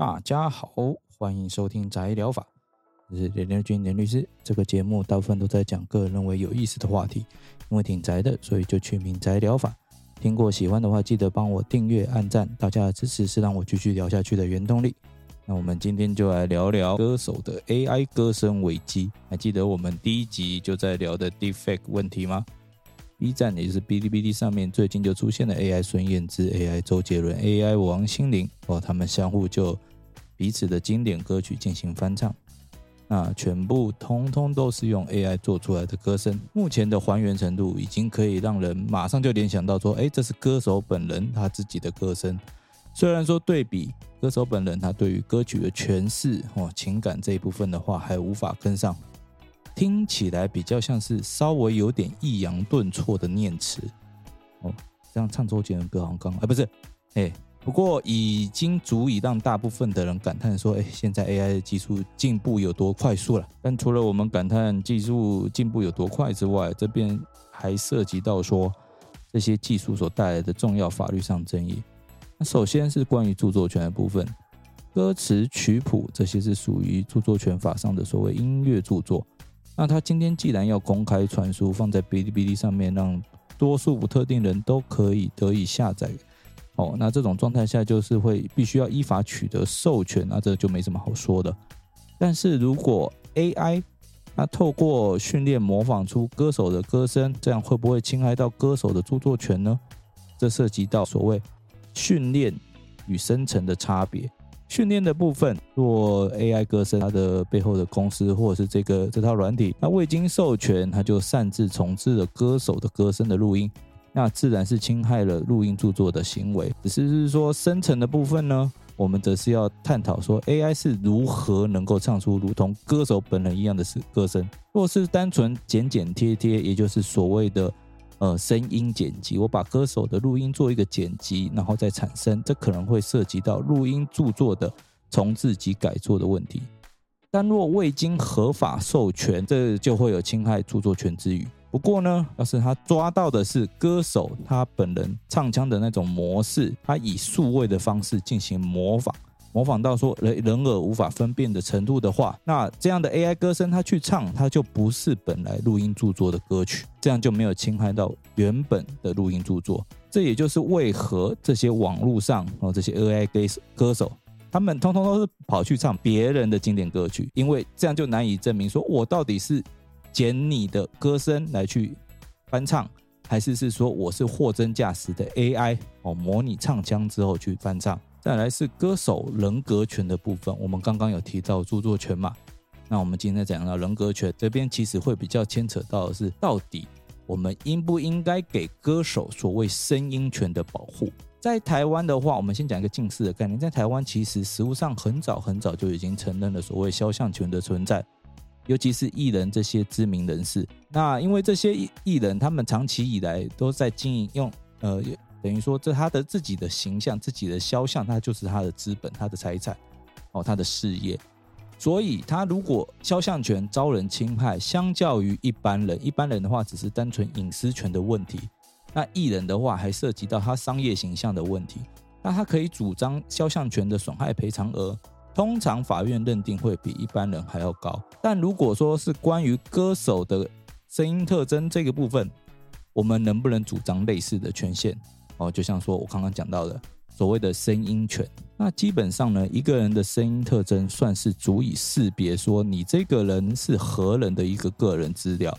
大家好，歡迎收聽宅聊法，我是連六軍連律師。這個節目大部分都在講個人認為有意思的話題，因為挺宅的，所以就取名宅聊法。聽過喜歡的話，記得幫我訂閱、按讚，大家的支持是讓我繼續聊下去的原動力。那我們今天就來聊聊歌手的 AI 歌聲危機。還記得我們第一集就在聊的 deepfake 問題嗎？B 站也就是嗶哩嗶哩上面最近就出現了 AI 孫燕姿、AI 周杰倫、AI 王心凌哦，他們相互就。彼此的經典歌曲進行翻唱，那全部通通都是用 AI 做出來的歌聲。目前的還原程度已經可以讓人馬上就聯想到說，哎，這是歌手本人他自己的歌聲。雖然說對比歌手本人，他對於歌曲的詮釋哦情感這一部分的話，還無法跟上，聽起來比較像是稍微有點抑揚頓挫的念詞。哦，這樣唱周杰倫歌好像剛哎，不是，哎。不過已經足以讓大部分的人感嘆說：“哎，現在 AI 的技術進步有多快速了。”但除了我們感嘆技術進步有多快之外，這邊還涉及到說這些技術所帶來的重要法律上爭議。那首先是關於著作權的部分，歌詞、曲譜這些是屬於著作權法上的所謂音樂著作。那他今天既然要公開傳輸，放在嗶哩嗶哩上面，讓多數不特定人都可以得以下載。哦，那這種狀態下就是會必須要依法取得授權，那這就沒什麼好說的。但是如果 AI 他透過訓練模仿出歌手的歌聲，這樣會不會侵害到歌手的著作權呢？這涉及到所謂訓練與生成的差別。訓練的部分，若 AI 歌聲它的背後的公司或者是這個這套軟體，他未經授權，他就擅自重製了歌手的歌聲的錄音。那自然是侵害了錄音著作的行為。只是是說，生成的部分呢，我們則是要探討說，AI 是如何能夠唱出如同歌手本人一樣的歌聲。若是單純剪剪貼貼，也就是所謂的呃聲音剪輯，我把歌手的錄音做一個剪輯，然後再產生，這可能會涉及到錄音著作的重製及改作的問題。但若未經合法授權，這就會有侵害著作權之虞。不過呢，要是他抓到的是歌手他本人唱腔的那種模式，他以數位的方式進行模仿，模仿到說人人耳、呃、無法分辨的程度的話，那這樣的 AI 歌聲他去唱，他就不是本來錄音著作的歌曲，這樣就沒有侵害到原本的錄音著作。這也就是為何這些網絡上啊這些 AI 歌歌手，他們通通都是跑去唱別人的經典歌曲，因為這樣就難以證明說我到底是。撿你的歌聲來去翻唱，還是是說我是貨真價實的 AI 哦，模擬唱腔之後去翻唱。再來是歌手人格權的部分，我們剛剛有提到著作權嘛，那我們今天講到人格權這邊，其實會比較牽扯到的是到底我們應不應該給歌手所謂聲音權的保護。在台灣的話，我們先講一個近似的概念，在台灣其實實務上很早很早就已經承認了所謂肖像權的存在。尤其是藝人這些知名人士，那因為這些藝藝人，他們長期以來都在經營用，用呃，等於說這他的自己的形象、自己的肖像，他就是他的資本、他的財產，哦，他的事業。所以，他如果肖像權遭人侵害，相較於一般人，一般人的話只是單純隱私權的問題，那藝人的話還涉及到他商業形象的問題，那他可以主張肖像權的損害賠償額。通常法院認定會比一般人還要高，但如果說是關於歌手的聲音特徵這個部分，我們能不能主張類似的權限？哦，就像說我剛剛講到的所謂的聲音權，那基本上呢，一個人的聲音特徵算是足以識別說你這個人是何人的一個個人資料。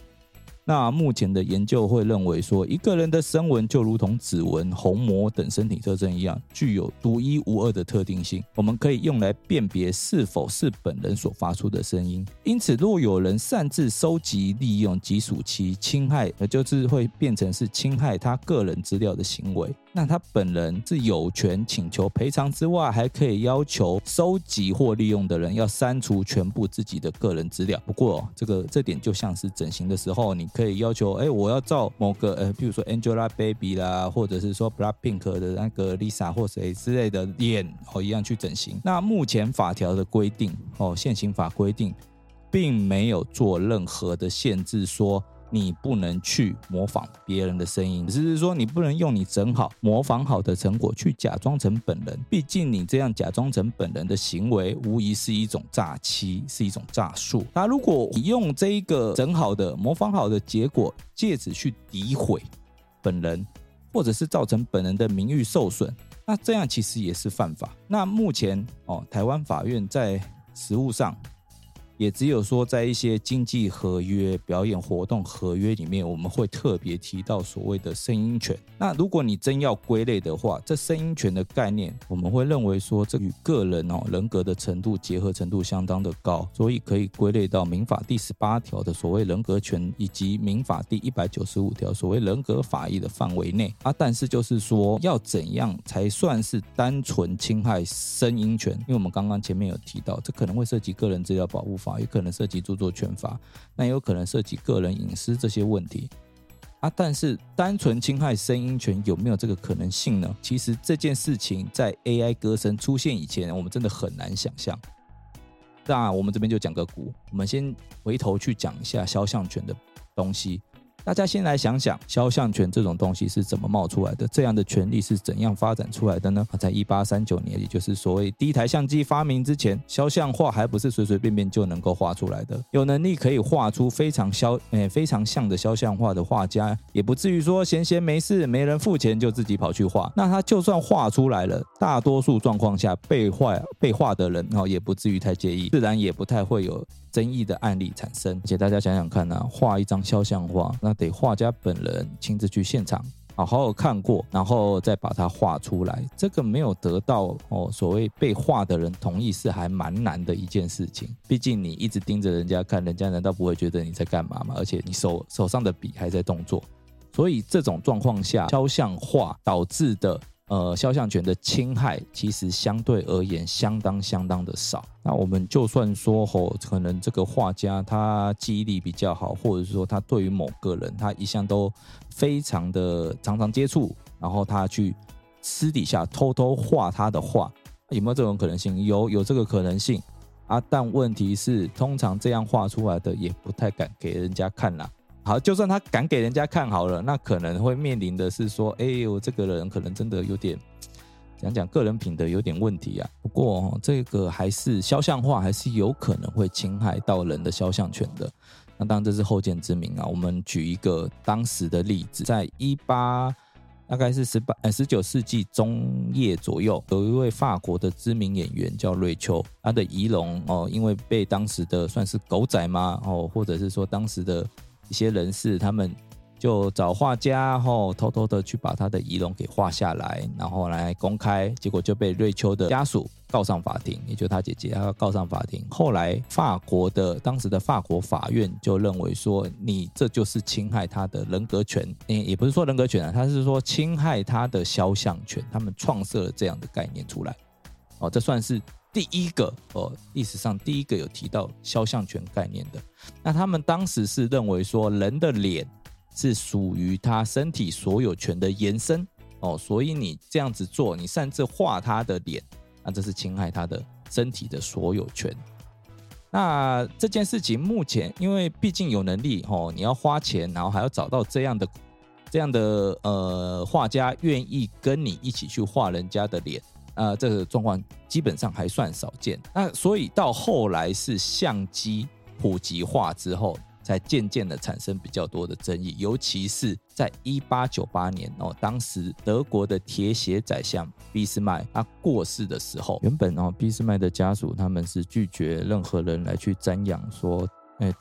那目前的研究會認為說，一個人的聲紋就如同指紋、虹膜等身體特徵一樣，具有獨一無二的特定性，我們可以用來辨別是否是本人所發出的聲音。因此，若有人擅自收集、利用即屬其侵害，而就是會變成是侵害他個人資料的行為。那他本人是有權請求賠償之外，還可以要求收集或利用的人要刪除全部自己的個人資料。不過、哦，這個這點就像是整形的時候，你可以要求，哎、欸，我要照某個，呃，比如說 Angelababy 啦，或者是說 Blackpink 的那個 Lisa 或者誰之類的臉哦，一樣去整形。那目前法條的規定哦，現行法規定，並沒有做任何的限制說。你不能去模仿別人的聲音，只是說你不能用你整好、模仿好的成果去假裝成本人。畢竟你這樣假裝成本人的行為，無疑是一種詐欺，是一種詐術。那、啊、如果你用這一個整好的、模仿好的結果，借此去詆毀本人，或者是造成本人的名譽受損，那這樣其實也是犯法。那目前哦，台灣法院在實務上。也只有說，在一些經紀合約、表演活動合約裡面，我們會特別提到所謂的“聲音權”。那如果你真要歸類的話，這“聲音權”的概念，我們會認為說，這與個人哦，人格的程度結合程度相當的高，所以可以歸類到民法第十八條的所謂人格權，以及民法第一百九十五條所謂人格法益的範圍內啊。但是就是說，要怎樣才算是單純侵害聲音權？因為我們剛剛前面有提到，這可能會涉及個人資料保護法。也可能涉及著作權法，那也有可能涉及個人隱私這些問題啊。但是，單純侵害聲音權有沒有這個可能性呢？其實這件事情在 AI 歌聲出現以前，我們真的很難想象。那我們這邊就講個古，我們先回頭去講一下肖像權的東西。大家先來想想，肖像權這種東西是怎麼冒出來的？這樣的權利是怎樣發展出來的呢？在一八三九年，也就是所謂第一台相機發明之前，肖像畫還不是隨隨便便，便就能夠畫出來的。有能力可以畫出非常肖誒、呃、非常像的肖像畫的畫家，也不至於說閒閒沒事沒人付錢就自己跑去畫。那他就算畫出來了，大多數狀況下被畫被畫的人、哦、也不至於太介意，自然也不太會有爭議的案例產生。而且大家想想看呢、啊，畫一張肖像畫。那得畫家本人親自去現場，好好看過，然後再把它畫出來。這個沒有得到哦，所謂被畫的人同意是還蠻難的一件事情。畢竟你一直盯着人家看，人家難道不會覺得你在幹嘛嗎？而且你手手上的筆還在動作，所以這種狀況下，肖像畫導致的。呃，肖像權的侵害其實相對而言相當相當的少。那我們就算說吼，可能這個畫家他記憶力比較好，或者說他對於某個人他一向都非常的常常接觸，然後他去私底下偷偷畫他的畫，有沒有這種可能性？有，有這個可能性啊。但問題是，通常這樣畫出來的也不太敢給人家看啦。好，就算他敢給人家看好了，那可能會面臨的是說，哎呦，這個人可能真的有點，講講個人品德有點問題啊。不過這個還是肖像畫，還是有可能會侵害到人的肖像權的。那當然這是後見之明啊。我們舉一個當時的例子，在一八大概是十八十九世紀中葉左右，有一位法國的知名演員叫瑞秋，他的儀容哦，因為被當時的算是狗仔嘛哦，或者是說當時的。一些人士，他們就找畫家，後偷偷的去把他的遺容給畫下來，然後來公開，結果就被瑞秋的家屬告上法庭，也就他姐姐，他告上法庭。後來法國的當時的法國法院就認為說，你這就是侵害他的人格權，也不是說人格權啊，他是說侵害他的肖像權，他們創設了這樣的概念出來，哦，這算是。第一個哦，歷史上第一個有提到肖像權概念的，那他們當時是認為說，人的臉是屬於他身體所有權的延伸哦，所以你這樣子做，你擅自畫他的臉，那這是侵害他的身體的所有權。那這件事情目前，因為畢竟有能力哦，你要花錢，然後還要找到這樣的這樣的呃畫家願意跟你一起去畫人家的臉。呃，這個狀況基本上還算少見。那所以到後來是相機普及化之後，才漸漸的產生比較多的爭議。尤其是在一八九八年哦，當時德國的鐵血宰相俾斯麥他過世的時候，原本哦俾斯麥的家屬他們是拒絕任何人來去瞻仰說，說誒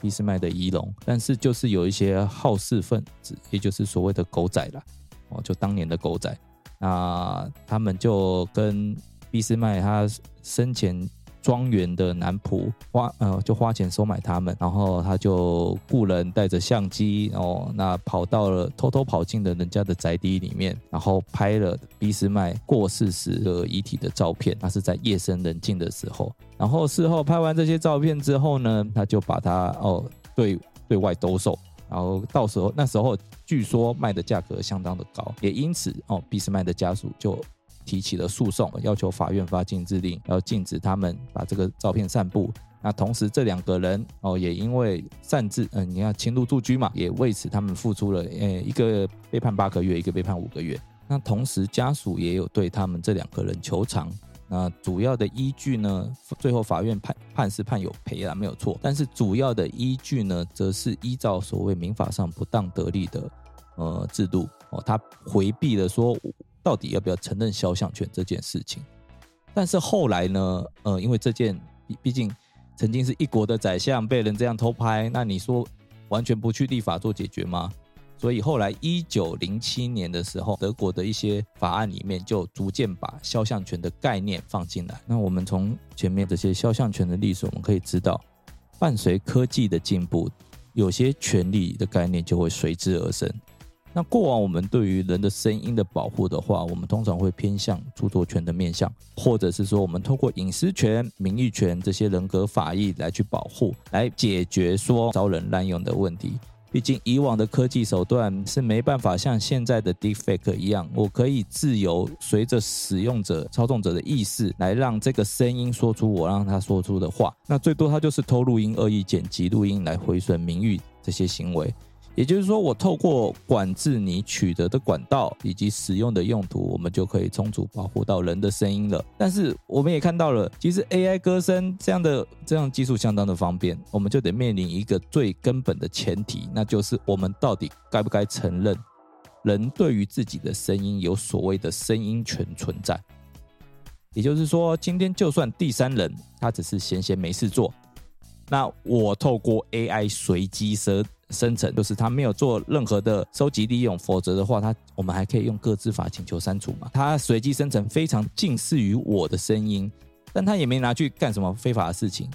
俾斯麥的遺容。但是就是有一些好事分子，也就是所謂的狗仔啦，哦就當年的狗仔。那他們就跟俾斯麥他生前莊園的男僕花，呃，就花錢收買他們，然後他就雇人帶着相機，哦，那跑到了偷偷跑進了人家的宅邸裡面，然後拍了俾斯麥過世時的遺體的照片。那是在夜深人靜的時候，然後事後拍完這些照片之後呢，他就把它哦，對，對外兜售。然後到時候那時候據說賣的價格相當的高，也因此哦，俾斯麥的家屬就提起了訴訟，要求法院發禁制令，要禁止他們把這個照片散布。那同時這兩個人哦也因為擅自嗯、呃，你要侵入住居嘛，也為此他們付出了呃一個被判八個月，一個被判五個月。那同時家屬也有對他們這兩個人求償。那主要的依據呢，最後法院判判是判有賠啊，沒有錯。但是主要的依據呢，則是依照所謂民法上不當得利的呃制度哦，他回避了說到底要不要承認肖像權這件事情。但是後來呢，呃，因為這件畢竟曾經是一國的宰相被人這樣偷拍，那你說完全不去立法做解決嗎？所以後來，一九零七年的時候，德國的一些法案裡面就逐漸把肖像權的概念放進來。那我們從前面這些肖像權的歷史，我們可以知道，伴隨科技的進步，有些權利的概念就會隨之而生。那過往我們對於人的聲音的保護的話，我們通常會偏向著作權的面向，或者是說我們通過隱私權、名譽權這些人格法益來去保護，來解決說遭人濫用的問題。畢竟，以往的科技手段是沒辦法像現在的 Deepfake 一樣，我可以自由隨着使用者、操縱者的意識來讓這個聲音說出我讓他說出的話。那最多他就是偷錄音、惡意剪輯錄音來毀損名譽這些行為。也就是說，我透過管制你取得的管道以及使用的用途，我們就可以充足保護到人的聲音了。但是，我們也看到了，其實 AI 歌聲這樣的這樣的技術相當的方便，我們就得面臨一個最根本的前提，那就是我們到底該不該承認人對於自己的聲音有所謂的聲音權存在？也就是說，今天就算第三人他只是閒閒沒事做，那我透過 AI 隨機聲。生成就是他沒有做任何的收集利用，否則的話他，他我們還可以用個資法請求刪除嘛。他隨機生成非常近似於我的聲音，但他也沒拿去幹什麼非法的事情。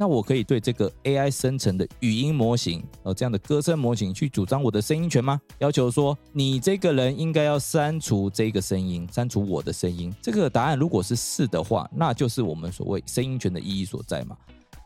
那我可以對這個 AI 生成的語音模型，呃，這樣的歌聲模型去主張我的聲音權嗎？要求說你這個人應該要刪除這個聲音，刪除我的聲音。這個答案如果是是的話，那就是我們所謂聲音權的意義所在嘛。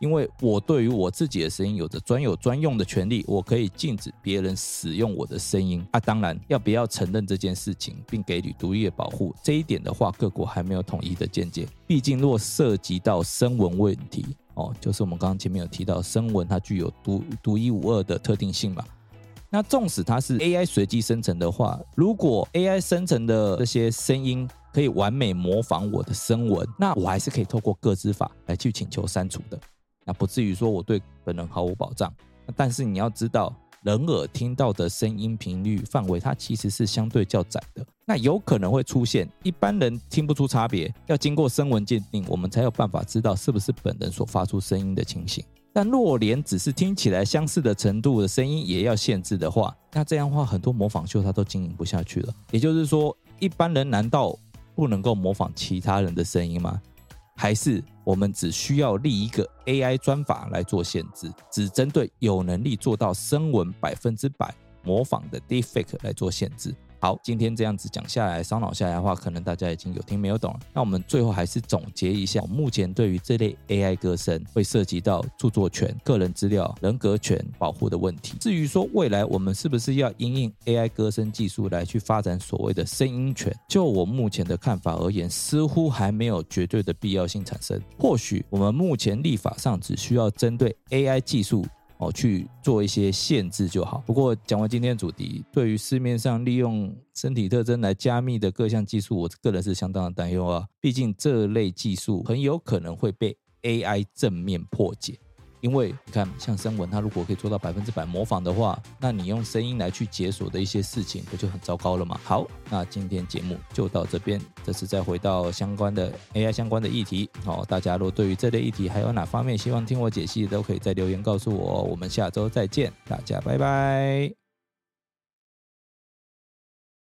因為我對於我自己的聲音有着專有專用的權利，我可以禁止別人使用我的聲音啊。當然，要不要承認這件事情並給予獨立的保護，這一點的話，各國還沒有統一的見解。畢竟，若涉及到聲紋問題哦，就是我們剛剛前面有提到聲紋，它具有獨獨一無二的特定性嘛。那縱使它是 AI 隨機生成的話，如果 AI 生成的這些聲音可以完美模仿我的聲紋，那我還是可以透過個資法來去請求刪除的。那不至於說我對本人毫無保障，但是你要知道，人耳聽到的聲音頻率範圍它其實是相對較窄的，那有可能會出現一般人聽不出差別，要經過聲紋鑑定，我們才有辦法知道是不是本人所發出聲音的情形。但若連只是聽起來相似的程度的聲音也要限制的話，那這樣的話很多模仿秀它都經營不下去了。也就是說，一般人難道不能夠模仿其他人的聲音嗎？還是？我們只需要立一個 AI 專法來做限制，只針對有能力做到聲紋百分之百模仿的 Deepfake 來做限制。好，今天這樣子講下來，燒腦下來的話，可能大家已經有聽沒有懂了。那我們最後還是總結一下，目前對於這類 AI 歌聲會涉及到著作權、個人資料、人格權保護的問題。至於說未來我們是不是要因應 AI 歌聲技術來去發展所謂的聲音權，就我目前的看法而言，似乎還沒有絕對的必要性產生。或許我們目前立法上只需要針對 AI 技術。去做一些限制就好。不過講完今天的主題，對於市面上利用身體特徵來加密的各項技術，我個人是相當的擔憂啊。畢竟這類技術很有可能會被 AI 正面破解。因為你看，像聲紋，它如果可以做到百分之百模仿的話，那你用聲音來去解鎖的一些事情，不就很糟糕了嗎？好，那今天節目就到這邊。這次再回到相關的 AI 相關的議題。好、哦，大家如果對於這類議題還有哪方面希望聽我解析，都可以在留言告訴我。我們下周再見，大家拜拜。